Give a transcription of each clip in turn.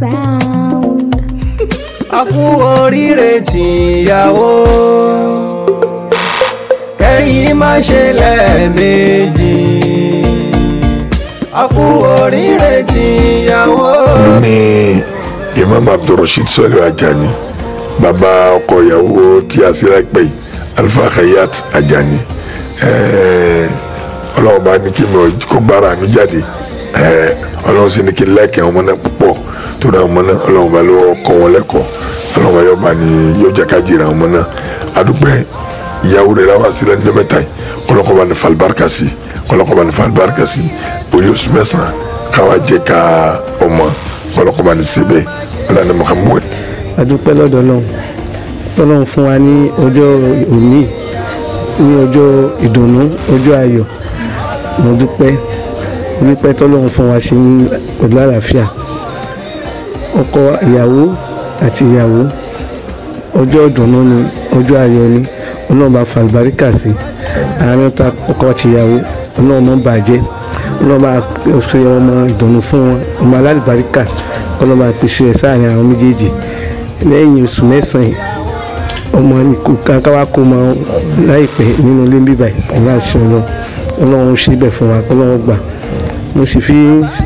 sound. a kú oríire tìyàwó kẹ́yìn má ṣe lẹ́ẹ̀mejì a kú oríire tìyàwó. mo ní Imam Abdulrasheed sọlẹ Ajani bàbá ọkọ ìyàwó tí a ṣe láìpẹ́ yìí Alfa Hayat Ajani ọlọ́wọ́ bá ní kí n kó gbára mi jáde ọlọ́run sì ní kí n láìkẹ́ àwọn ọmọ náà púpọ̀ tó ra ọmọ náà ọlọ́run bá lọ́wọ́ kọ́ wọn lẹ́kọ̀ọ́ ọlọ́run bá yọba ni yóò jẹ́ ká jèrè àwọn ọmọ náà adúpẹ́ ìyàwó rẹ̀ láwa sílẹ̀ ní mẹ́ta yìí kọ́lọ́kọ́ bá ní falibarika sí kọ́lọ́kọ́ bá ní falibarika sí oyè oṣù mẹ́sàn-án káwa jẹ́ ká ọmọ kọ́lọ́kọ́ bá ní sebe ọlọ́run ní mọ̀kànmọ́ ẹ̀. lọ́dọ̀ ọlọ́run ọlọ́run fún wa ní ọjọ́ òní ní ọjọ́ ìdùnnú ọjọ́ ayọ̀ mo wípé tọ́lọ́run fún wa ṣe ń pẹ̀lú àlàáfíà ọkọ ìyàwó àti ìyàwó ọjọ́ ìdùnnú ni ọjọ́ ayọ̀ ni ọlọ́run bá fa àlùbáríkà sí àárín ta ọkọ àti ìyàwó ọlọ́run mọ́ bàjẹ́ ọlọ́run bá fi ọmọ ìdùnnú fún wọn ọmọ alálùbáríkà ọlọ́run bá pèsè ẹ̀ sáàrin àwọn méjèèjì lẹ́yìn oṣù mẹ́sàn-án ọmọ nìkan káwá kó mọ láìpẹ́ nínú ilé bíbá ìpínlẹ̀ àṣẹ ọlọ́run ṣe bẹ̀ fún wa ọlọ́run gbà mo sì fi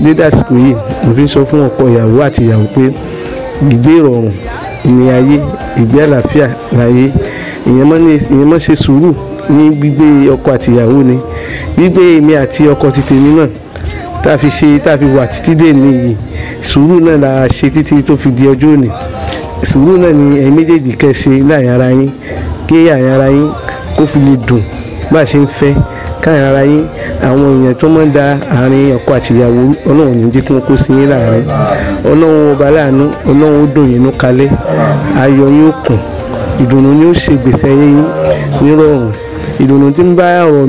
dédé àsìkò yìí mo fi sọ fún ọkọ ìyàwó àti ìyàwó pé ìgbé ìrọ̀rùn ní ayé ìgbé àlàáfíà láyé ìyẹn mọ́ ṣe sùúrù ní gbígbé ọkọ àti ìyàwó ni gbígbé èmi àti ọkọ ti tèmi náà tá a fi ṣe tá a fi wà títí dé nìyí sùúrù náà la ṣe títí tó fi di ọjọ́ òní sùúrù náà ni ẹ̀yin méjèèjì kẹ́ ṣe láàyè ara yín kí àyè ara yín kó fi lè dùn bá a ṣe ń fẹ́ káyọ̀ ara yín àwọn èèyàn tó máa ń da àárín ọkọ àtìyàwó ọlọ́run ní jẹ́ kó sí yín láàrin ọlọ́run ọba láàánú ọlọ́run ó dùn yín nú kalẹ̀ ayọ̀ yín ó kùn ìdùnnú yín ó yín ìdùnnú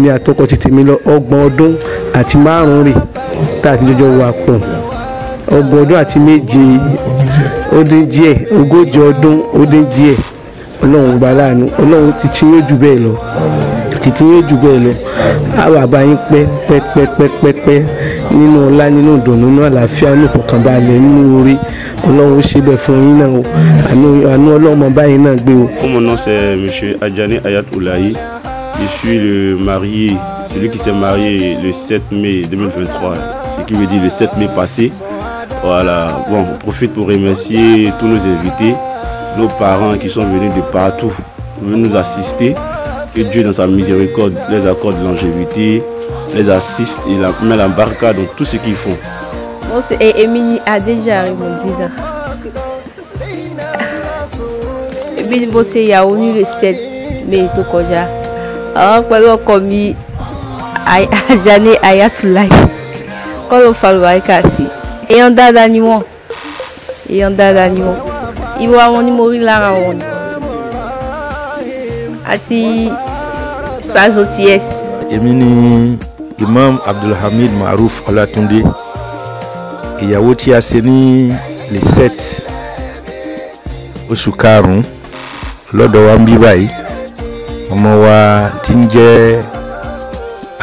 mi àtọkọ a ti jọjọ wà pọ̀ ọgbọ̀n ọdún àti méje ó dín díẹ̀ ogójì ọdún ó dín díẹ̀ ọlọ́run ọba mon nom c'est monsieur Adjani Ayat Oulahi. je suis le marié celui qui s'est marié le 7 mai 2023 ce qui veut dire le 7 mai passé voilà bon on profite pour remercier tous nos invités nos parents qui sont venus de partout pour nous assister que Dieu, dans sa miséricorde, les accorde de longévité, les assiste et la, met l'embarque dans tout ce qu'ils font. Bon, et Emini a déjà répondu. puis, bon, c'est Yaouni le 7, mais tout koja. Alors, ah, quand on commis à tout Ayatoulaye, quand on fait le baïkassi, et on dada d'animaux. moi, et on dada ni moi, il va mourir là-haut. àti sazo ts. èmi ni imam abdulhamid maruf ọlátúndé ìyàwó tí a ṣe ní lisette oṣù karùn-ún lọ́dọ̀ wa ń bí báyìí ọmọ wa ti ń jẹ́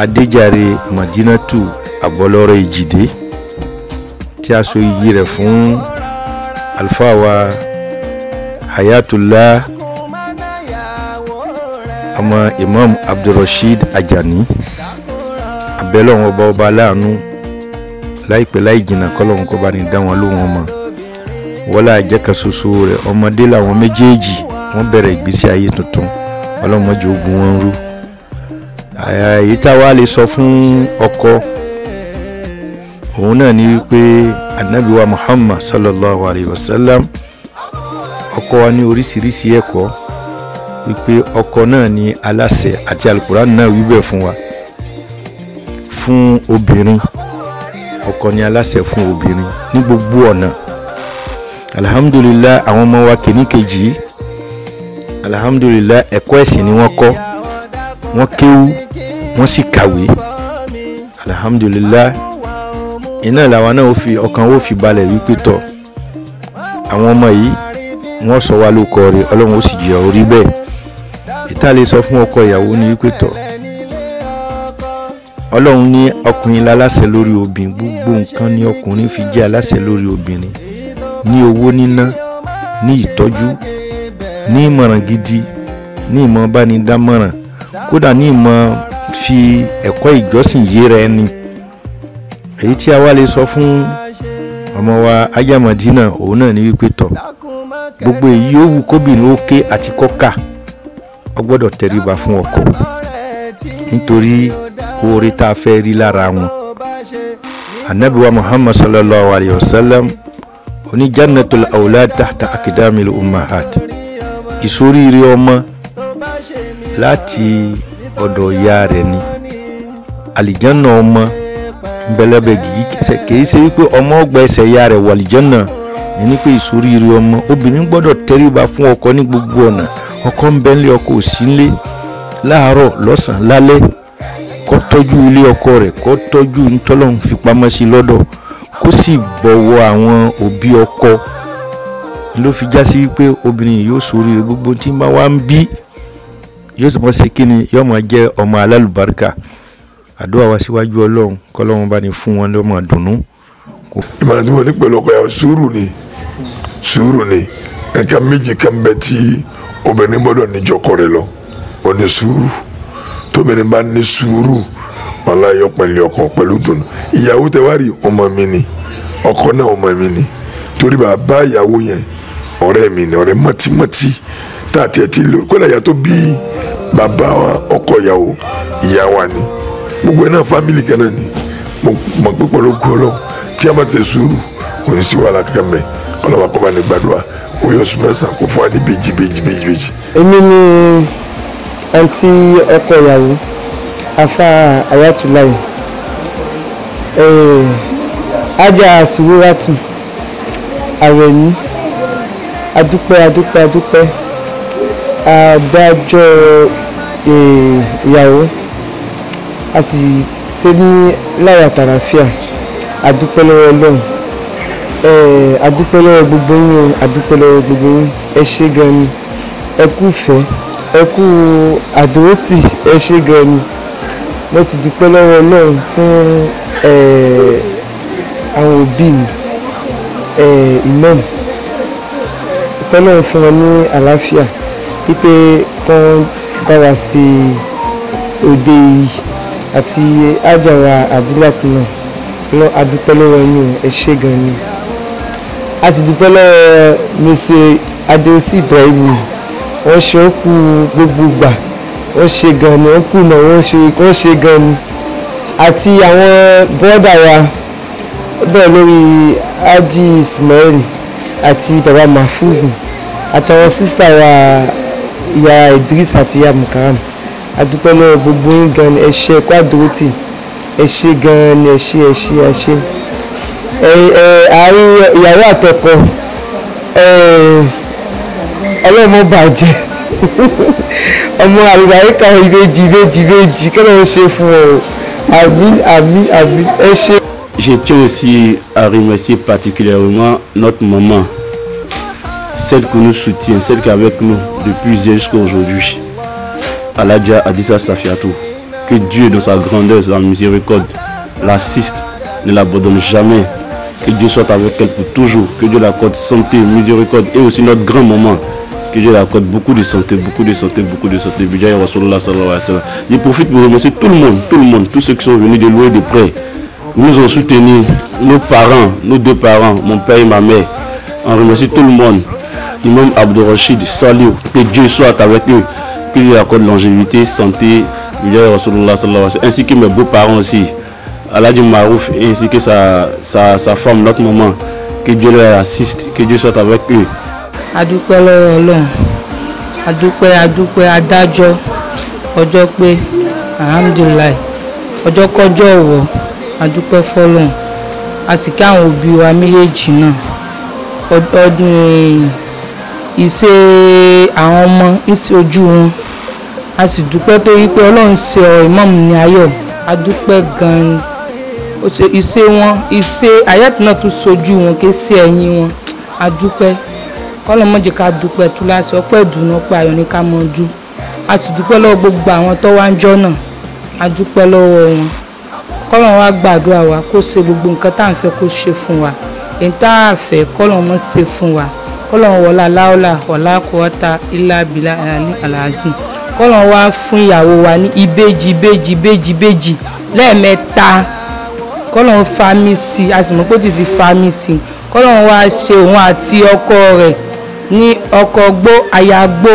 adéjàre madinatu abọ́lọ́rọ̀ ìjìdé tí a so iyì rẹ̀ fún alfa wa hayatullah ọmọ imam abdulrasheed ajani abẹ́lọ́wọ́n ọba ọba láàánú láìpẹ́ láì jìnnà kọ́lọ́wọ́n kọ́ bá ní dá wọn lóhùn ọmọ wọ́lá àjẹkà ṣoṣo rẹ̀ ọmọdé làwọn méjèèjì wọ́n bẹ̀rẹ̀ ìgbésí ayé tuntun ọlọ́mọdé ogun wọn rú èyí tá a wá lè sọ fún ọkọ òun náà ni wípé anabi wa muhammad sallallahu alayhi wa sallam ọkọ wa ní oríṣiríṣi ẹ̀kọ́ wípé ọkọ náà ni aláṣẹ àti alukurani náà wíbẹ̀ fún wa fún obìnrin ọkọ ni aláṣẹ fún obìnrin ní gbogbo ọ̀nà alhamdulilayi àwọn ọmọ wa kìnìkejì alhamdulilayi ẹ̀kọ́ ẹ̀sìn ni wọ́n kọ́ wọ́n kéwú wọ́n sì kàwé alhamdulilayi iná làwọn náà fi ọkàn ó fi balẹ̀ wípé tọ̀ àwọn ọmọ yìí wọ́n sọ wá lóko rẹ̀ ọlọ́run ó sì jìyà orí bẹ́ẹ̀ ìta lè sọ fún ọkọ ìyàwó ní wípé tọ̀ ọlọ́run ní ọkùnrin láláṣẹ lórí obìnrin gbogbo nǹkan ni ọkùnrin fi jẹ́ aláṣẹ lórí obìnrin ní owó níná ní ìtọ́jú ní ìmọ̀ràn gidi ní ìmọ̀ bánidámọ̀ràn kódà ní ìmọ̀ fi ẹ̀kọ́ ìjọsìn yéra ẹni èyí tí a wá lè sọ fún ọmọ wa ajamadina òun náà ní wípé tọ̀ gbogbo èyí ó wù kóbìnrin ó àti kọ́ka ọ gbọ́dọ̀ tẹríba fún ọkọ nítorí oore tá a fẹ́ rí lára wọn anabiwa muhammad sallallahu alayhi wa sallam oní jannatul awlad tahta akidamil ummahat ìsoríire ọmọ láti ọ̀dọ̀ ìyá rẹ̀ ni àlìjánná ọmọ nbẹlẹbẹ kìí ṣe wípé ọmọ ọgbà ẹsẹ̀ ìyá rẹ̀ wọ àlìjánná ẹni pé ìsoríire ọmọ obìnrin gbọ́dọ̀ tẹríba fún ọkọ ní gbogbo ọ̀nà ọkọ ń bẹ nílé ọkọ ò sí nílé láàárọ̀ lọ́sàn-án lálẹ́ kó tọ́jú ilé ọkọ rẹ̀ kó tọ́jú ntọ́lọ́hún fipamọ́ sí lọ́dọ̀ kó sì bọ̀wọ̀ àwọn òbí ọkọ ló fi já sí wípé obìnrin yóò soríire gbogbo tí máa wá ń bí yóò sì mọ̀ kí ni yóò máa jẹ́ ọmọ alálùbáríkà àdúrà wa síwájú ọlọ́run kọ́lọ́run bá ní fún wọn lọ́mọ dùnú. ìbàdàn tí ní pẹ̀lú ọkọ̀ yà sùúrù ni. Suru ni nǹkan méjì kan bẹ tí obìnrin gbọ́dọ̀ níjọkọ rẹ̀ lọ ó ní sùúrù tóbìnrin bá ní sùúrù wàhálà yọ pẹ̀lú ọkọ pẹ̀lú dùnú ìyàwó tẹ wá rí ọmọ mi ni ọkọ náà ọmọ mi ni torí bàbá ìyàwó yẹn ọ̀rẹ́ mi ni ọ̀rẹ́ mọ́tímọ́tí tá a tiẹ̀ ti lò kódà ìyá tó bí bàbá ọkọ ìyàwó ìyá wa ni gbogbo ẹ̀ náà kana ni mo mọ̀ pé pẹ̀lú òkú ọlọ́run tí a bá ti sùúrù kò ní sí wàhálà kankan mẹ ọlọ́wà kọ́ bá ní gbàdúrà oyè oṣù mẹ́sàn-án kò fún wa ní bèjì bèjì bèjì bèjì. èmi ni àǹtí ọkọ ìyàwó afa ayatollah ajá sùwúrátù àwẹ̀ní adúpẹ́ adúpẹ́ adúpẹ́ adájọ́ ìyàwó a sì ṣe ní láyàtàràfíà adúpẹ́ lọ́wọ́ ọlọ́run adúpẹ́ lọ́wọ́ gbogbo yín o adúpẹ́ lọ́wọ́ gbogbo yín ẹ ṣé gan ni ẹ kú ìfẹ́ ẹ kú àdúrótì ẹ ṣé gan ni mo sì dúpẹ́ lọ́wọ́ ọlọ́run fún àwọn òbí mi imam tọ́lọ́run fún wọn ní àlàáfíà wípé kán bá wa ṣe òde yìí àti ájàwà àdílàtì náà adúpẹ́ lọ́wọ́ yín o ẹ ṣé gan ni a sì dúpẹ́ lọ́wọ́ mr adeosi ibrahim wọ́n ṣe ó kú gbogbo gbà wọ́n ṣe gan ni wọ́n kùnà wọ́n ṣe wọ́n ṣe gan ni àti àwọn bọ́dà wa bẹ́ẹ̀ lórí haji ismail àti baba mahfuz àtàwọn sísítà wa ìyá idris àti ìyá mukaram a dúpẹ́ lọ́wọ́ gbogbo yín gan ni ẹ ṣe ẹ̀kọ́ àdúrótì ẹ ṣe gan ni ẹ ṣe ẹ ṣe ẹ ṣe. Eh, eh, eh, Je tiens aussi à remercier particulièrement notre maman, celle qui nous soutient, celle qui est avec nous depuis hier jusqu'à aujourd'hui, Aladja Adissa Safiatou. Que Dieu, dans sa grandeur, sa miséricorde, l'assiste, ne l'abandonne jamais que Dieu soit avec elle pour toujours. Que Dieu l'accorde santé, miséricorde et aussi notre grand moment. Que Dieu accorde beaucoup de santé, beaucoup de santé, beaucoup de santé. Je profite pour remercier tout le monde, tout le monde, tous ceux qui sont venus de loin de près. Nous ont soutenu nos parents, nos deux parents, mon père et ma mère. On remercie tout le monde. Imam Rashid, salut. Que Dieu soit avec eux. Que Dieu accorde longévité, santé, ainsi que mes beaux-parents aussi. Aladji Marouf ainsi eh, que sa, sa, sa femme, notre maman. Que Dieu leur assiste, que Dieu soit avec eux. adúpẹ́ lọ́wọ́ ọlọ́run adúpẹ́ adúpẹ́ adájọ́ ọjọ́ pé alhamdulilayi ọjọ́ kọjọ́ ọ̀wọ́ adúpẹ́ fọlọ́run a sì kí àwọn òbí wa méjèèjì náà ọdún eh, ìṣe àwọn ọmọ ìṣe ojú wọn a sì dúpẹ́ torí pé ọlọ́run ṣe ọ̀ ìmọ̀mù ní ayọ̀ adúpẹ́ gan ìṣe wọn ìṣe àyẹ̀tì náà tún sojú wọn ké sí ẹ̀yìn wọn àdúpẹ́ kọ́lọ́ mọ̀jẹ̀ ká dúpẹ́ tó láti ọpẹ́ ìdùnnú ọpẹ́ ayọ̀ ní ká mọ̀ ọdún a ti dúpẹ́ lọ́wọ́ gbogbo àwọn tó wá ń jọ́ náà àdúpẹ́ lọ́wọ́ wọn kọ́lọ́ wa gbàdúrà wa kó ṣe gbogbo nǹkan tá à ń fẹ́ kó ṣe fún wa èyí tá à fẹ́ kọ́lọ́ mọ̀ ṣe fún wa kọ́lọ́ wọlá láọ́là ọ̀là kọ́ta ilá bìlà àlàzì kọ́lọ́ wa fún ìyàwó wa ní ìbejì ìbejì ìbejì ìbejì lẹ́ẹ̀mẹ́ta kọ́lọ́n fa mi sí i a sì mọ̀ pé ó ti ti fa mi sí i kọ́lọ́n wá ṣe òun àti ọkọ rẹ̀ ní ọkọ gbó aya gbó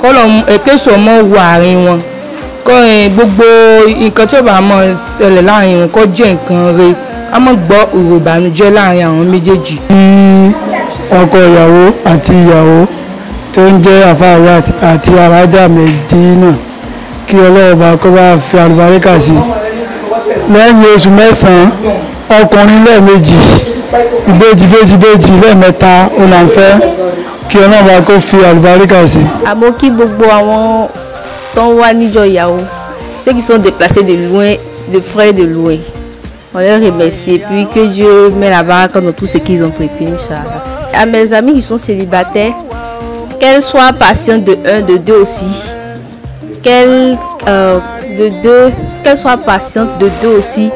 kọ́lọ́n èkéṣọ́ mọ́ wọ àárín wọn kọrin gbogbo nǹkan tí ó bá mọ ṣẹlẹ̀ láàrin wọn kó jẹ́ nǹkan re a mọ̀ gbọ́ ọ̀rọ̀ ìbànújẹ́ láàrin àwọn méjèèjì. ọkọ ìyàwó àti ìyàwó tó ń jẹ́ àfáàyà àti arájà méjì náà kí ọlọ́run bá bá fi àlùbáríkà sí i. lẹ́yìn oṣù mẹ́sàn-án ọkùnrin lẹ́ẹ̀mejì ìbejì ìbejì ìbejì lẹ́ẹ̀mẹ́ta ó là ń fẹ́ kí ọlọ́run bá kó fi àlùbáríkà sí. àmọ́ kí gbogbo àwọn tó ń wá níjọ ìyàwó ceux qui sont déplacés de loin de près de loin on les remercie puis que Dieu met la baraka dans tout ce qu'ils entreprennent Inch'Allah. à mes amis qui sont célibataires qu'elles soient patientes de un de deux aussi qu'elle euh, de deux, qu'elle soit patiente de deux aussi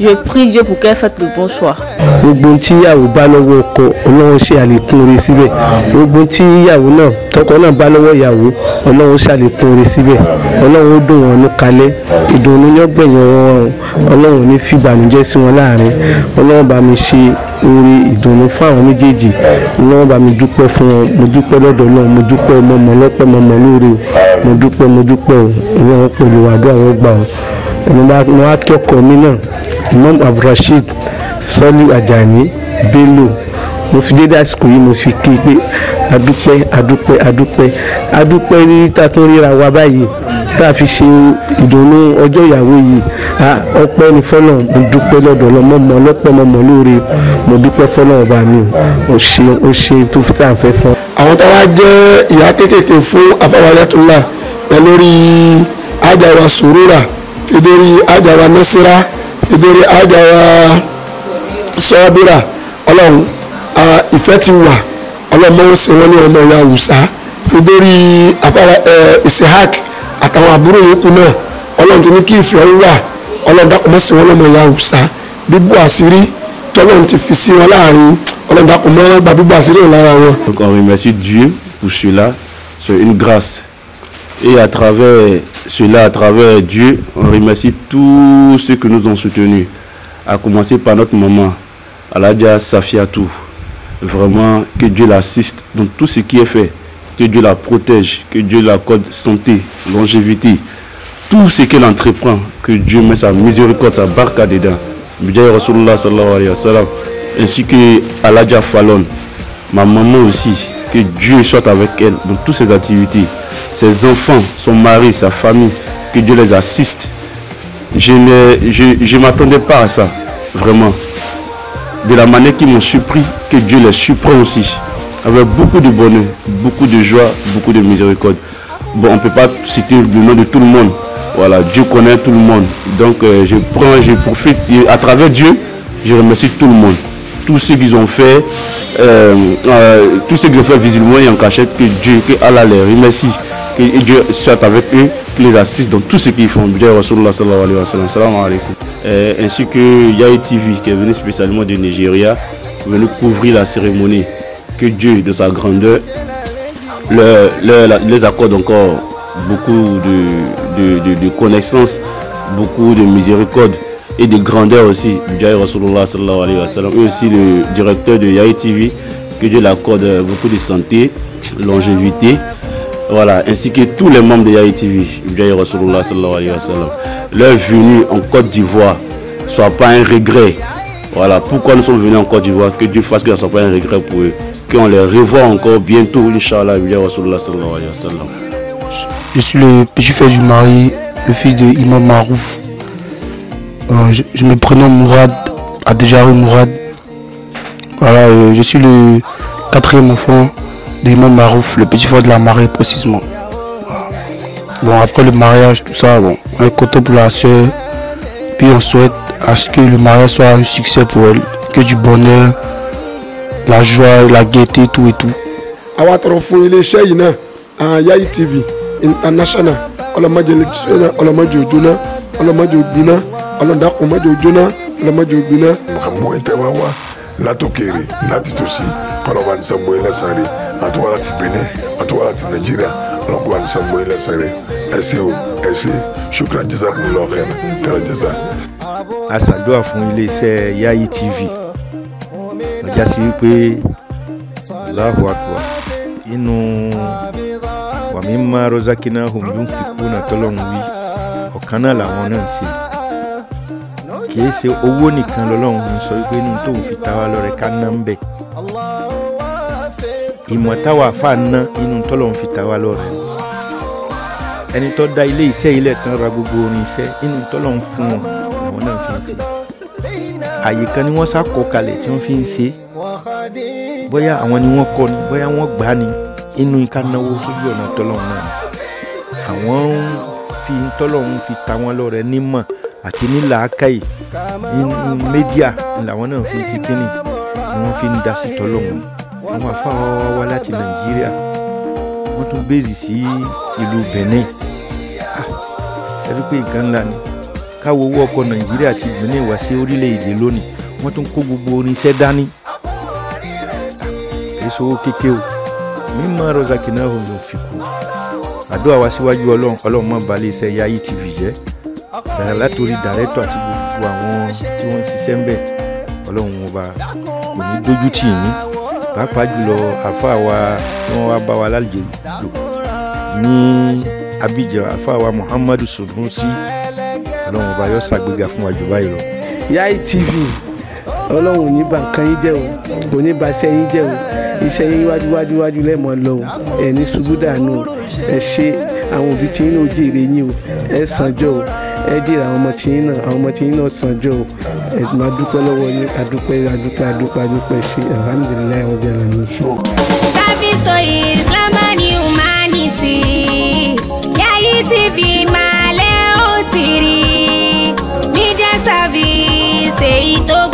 Je prie Dieu pour qu'elle fasse le bon choix. Gbogbo tí ìyàwó bá lọ́wọ́ ọkọ Ọlọ́run ṣe àlékún oore síbẹ̀. Gbogbo tí ìyàwó náà tọkọ náà bá lọ́wọ́ ìyàwó Ọlọ́run ṣe àlékún oore síbẹ̀. Ọlọ́run ó dùn wọn ní kalẹ̀. Ìdùnnú ní ọgbẹ̀yìn wọn Ọlọ́run ní fi ìbànújẹ́ sí wọn láàrin. Ọlọ́run bá mi ṣe oore ìdùnnú fún àwọn méjèèjì. Ọlọ́run bá mi dúpẹ́ fún wọn. Mo dúpẹ́ lọ́dọ̀ náà. Mo dúpẹ́ mọ́mọ́ lọ́pẹ́ mọ́mọ́ lóore. Mo dúpẹ́ Imam Abdulrasheed Saliu Ajani Bello mo fi dédé àsìkò yìí mo fi kí i pé adúpẹ́ adúpẹ́ adúpẹ́ adúpẹ́ rí tatún ríra wa báyìí tá a fi ṣe ìdùnnú ọjọ́ ìyàwó yìí ọpẹ́ ni fọ́nà mo dúpẹ́ lọ́dọ̀ ọlọ́mọ mọ ọlọ́pẹ́ mọ mọ lóore mo dúpẹ́ fọ́nà ọba mi o ṣe o ṣe tó fi tá à ń fẹ́ fún. àwọn tó wá jẹ́ ìyá kéékèèké fún afáwáyátúlá pẹ̀lú rí ajára sòrúra fi dé rí ajára násírà ìbéèrè àjàwá sọ́bírà ọlọ́run ìfẹ́ ti wà ọlọ́mọ ń wọn ní ọmọ ìyá òòsà fìdórí afárá ìsìhák àtàwọn àbúrò yòókù náà ọlọ́run ti ní kí ìfẹ́ wà ọlọ́run dákun mọ́ sin wọn lọ́mọ ìyá òòsà bíbú àṣírí tọ́lọ́run ti fi sí wọn láàrin ọlọ́run dákun mọ́ gba bíbú àṣírí lára wọn. Donc on remercie Dieu pour cela, c'est une grâce. Et à travers cela, à travers Dieu, on remercie tous ceux qui nous ont soutenus, à commencer par notre maman, Aladia Safiatou. Vraiment, que Dieu l'assiste dans tout ce qui est fait, que Dieu la protège, que Dieu la l'accorde santé, longévité, tout ce qu'elle entreprend, que Dieu met sa miséricorde, sa barca dedans. Ainsi que Aladja Fallon, ma maman aussi, que Dieu soit avec elle dans toutes ses activités ses enfants, son mari, sa famille, que Dieu les assiste. Je ne je, m'attendais pas à ça, vraiment. De la manière qu'ils m'ont surpris, que Dieu les surprend aussi. Avec beaucoup de bonheur, beaucoup de joie, beaucoup de miséricorde. Bon, on ne peut pas citer le nom de tout le monde. Voilà, Dieu connaît tout le monde. Donc euh, je prends, je profite, et à travers Dieu, je remercie tout le monde tout ce qu'ils ont fait, euh, euh, tout ce qu'ils ont fait visiblement et en cachette, que Dieu, que Allah les merci, que Dieu soit avec eux, qu'il les assiste dans tout ce qu'ils font. Euh, ainsi que Yahya TV qui est venu spécialement du Nigeria, venu couvrir la cérémonie. Que Dieu, de sa grandeur, le, les accorde encore beaucoup de connaissances, beaucoup de miséricorde et de grandeur aussi. Jai Rasulullah et aussi le directeur de Yahi TV, que Dieu l'accorde beaucoup de santé, longévité, voilà, ainsi que tous les membres de Yahi TV, Jai Rasulullah sallallahu alayhi Leur venue en Côte d'Ivoire soit pas un regret. Voilà, pourquoi nous sommes venus en Côte d'Ivoire, que Dieu fasse que ce ne soit pas un regret pour eux. Qu'on les revoie encore bientôt, Inch'Allah, Jai Rasulullah sallallahu alayhi wa sallam. Je suis le petit frère du mari, le fils de Imam Marouf. Euh, je, me prénomme Mourad, eu Mourad. Voilà, euh, je suis le quatrième enfant de Imam Marouf, le petit frère de la mariée précisément. Bon, après le mariage, tout ça, bon, on est content pour la soeur. Puis on souhaite à ce que le mariage soit un succès pour elle, que du bonheur, la joie, la gaieté, tout et tout. TV, International, ọlọ́dà kò mọ́jọ jóná ọlọ́mọjọ gbiná. àmọ́ ìtẹ̀ wá wá látòkèrè láti tòsí kọlọ́ba ní sanwó ilẹ̀ sáré àtúwá láti Benin àtúwá láti Nàìjíríà ọlọ́kùnrin àti sanwó ilẹ̀ sáré ẹsẹ̀ o ẹsẹ̀ ṣùkúrà jésà kún lọ́ọ̀fẹ́ kẹrẹ jésà. a ṣàdúrà fún iléeṣẹ́ Yayi TV ọjà sí wípé Allahu Akbar inú wàmí má rọ́sákínà hùm yóò fi kú náà tọ́lọ́run wí ọ̀kan náà làwọn náà ń ṣe kì í ṣe owó nìkan lọ́lọ́run ń sọ wípé inú tóun fi ta wá lọ́rẹ ká ná ń bẹ̀ ìmọ̀ táwa àfa ná inú tọ́lọ́run fi ta wá lọ́rẹ ẹni tó dá ilé iṣẹ́ ilẹ̀ tán ra gbogbo orin iṣẹ́ inú tọ́lọ́run fún wọn làwọn náà fi ń ṣe àyè kan ni wọ́n ṣàkọ kalẹ̀ tí wọ́n fi ń ṣe bóyá àwọn ni wọ́n kọ́ ni bóyá wọ́n gbà ni inú ká náwó sójú ọ̀nà tọ́lọ́run náà àwọn fi tọ́lọ́run fi ta wọ́n lọ́rẹ nímọ̀ àti ní làákàyè nínú mídíà làwọn náà fi ti kínní ni wọ́n fi ń da sí tọ́lọ́hún àwọn afáwa wá wá láti nàìjíríà wọ́n tún bèèzì sí ìlú benin ah, ṣẹ́rí pé nǹkan ńlá ni káwo owó ọkọ̀ nàìjíríà ti benin wá sí orílẹ̀-èdè lónìí wọ́n tún kó gbogbo oníṣẹ́ dání èso kékeré o mímọ rọ́ṣà kìnnà òun ò fi kú àdúrà wá síwájú ọlọ́run ọlọ́run mọ́ balẹ̀ iṣẹ́ yayi tv jẹ́. Yeah? bẹ̀rẹ̀ látòrí dàrẹ́tọ̀ àti gbogbo àwọn tí wọ́n ń ṣiṣẹ́ ń bẹ̀ ọlọ́run ọba kò ní dójú tì yín pàápàá jùlọ àfáà wa tí wọ́n wá bá wa lálejò ní Abidjan àfáà wa Muhammadu Sunusi ọlọ́run ọba yóò ṣàgbéga fún wa jù báyìí lọ. Yayi TV ọlọ́run ò ní bà nǹkan yín jẹ́ o kò ní bà iṣẹ́ yín jẹ́ o iṣẹ́ yín wájú wájú wájú lẹ́mọ̀ lọ o ẹ̀ ní ṣubú dànù o ṣe àwọn òbí tí yín ló jèrè yín o ẹ sànjọ́ o. náà náà dúpẹ́ yín adúpẹ́ adúpẹ́ adúpẹ́ adúpẹ́ ṣe alhamdulilayi ọjọ́ service to Islam and humanity Yayi TV ó ti rí media service èyí tó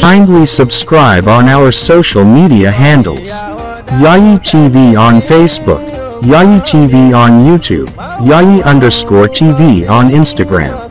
Kindly subscribe on our social media handles Yayi TV on Facebook. Yayi TV on YouTube, Yayi underscore TV on Instagram.